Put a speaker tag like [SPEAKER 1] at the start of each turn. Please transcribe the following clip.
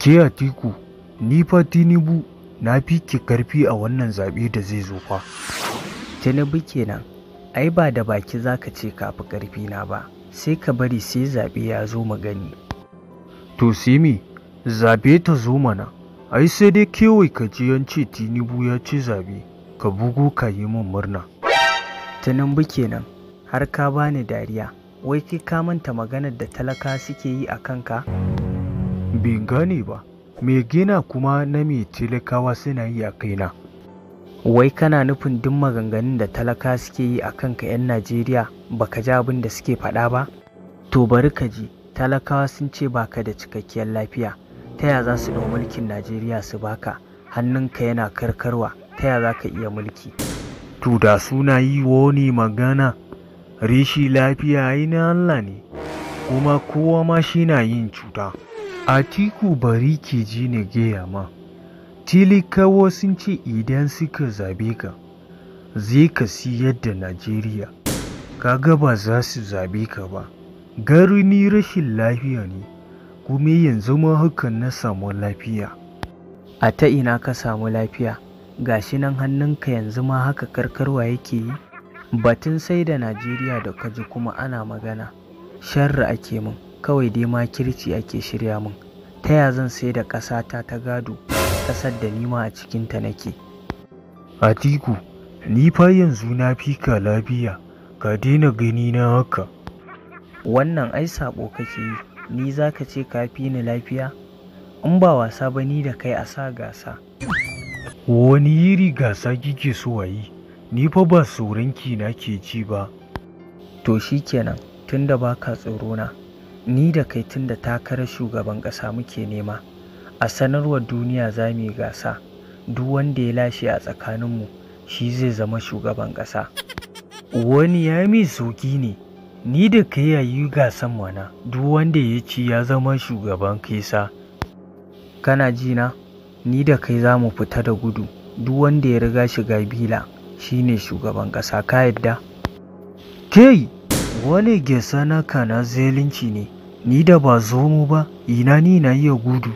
[SPEAKER 1] Ke tiku, ni fa Tinubu na fi ki karfi a wannan zaɓe da zai zo fa. Tinubu kenan, ai ba da baki za ka ce ka fi karfi na ba, sai ka bari sai zaɓe ya zo mu gani. To sai zaɓe ta zo mana, ai sai dai kewai ka ji yan ce Tinubu ya ci zaɓe, ka bugu ka yi min murna. Tinubu kenan, har ka bani dariya, wai kai ka manta maganar da talaka suke yi a kanka? Bin gane ba, me gina kuma na me talakawa suna yi a kaina. Wai kana nufin duk maganganun da talaka suke yi a kanka 'yan Najeriya baka ji abin da suke faɗa ba? To bari ka ji, talakawa sun ce baka da cikakkiyar lafiya, ta ya za su ɗau mulkin Najeriya su baka, hannunka yana karkarwa, ta ya za ka iya mulki? To da suna yi wani magana, rishi lafiya ina Allah ne, kuma kowa ma shi na yin cuta. Atiku bari ki ji na gaya ma, kawo sun ce idan suka zabe ka, zai ka si da Najeriya, kaga ba za su zabe ka ba, gari ni rashin lafiya ne, kuma yanzu ma hakan na samu lafiya. A ta ina ka samu lafiya, gashi nan hannunka yanzu ma haka karkarwa yake yi, batun sai da Najeriya da kaji kuma ana magana, sharri ake min. kawai dai ma makirci ake shirya mun Ta ya zan sai da ƙasata ta gado, ƙasar da nima a cikinta nake? Atiku, ni fa yanzu na fi ka lafiya, ka daina gani na haka. Wannan ai saɓo kake yi, ni za ka ce ka fi ni lafiya? In ba wasa ba ni da kai a sa gasa. Wani yiri gasa kike so a ni fa ba tsoronki na ke ji ba. To shi kenan, tunda ba ka na. ni da kai tun da takarar shugaban ƙasa muke nema a sanarwar duniya za mu yi gasa duk wanda ya lashe a tsakaninmu shi zai zama shugaban ƙasa wani ya mai sauki ne ni da kai ya yi gasan mana duk wanda ya ci ya zama shugaban kesa kana ji na ni da kai za mu fita da gudu duk wanda ya riga shiga bila ne shugaban ƙasa ka yadda kai Wani gesa na kana zalunci ne, ni da ba zomo ba, ina ni na iya gudu.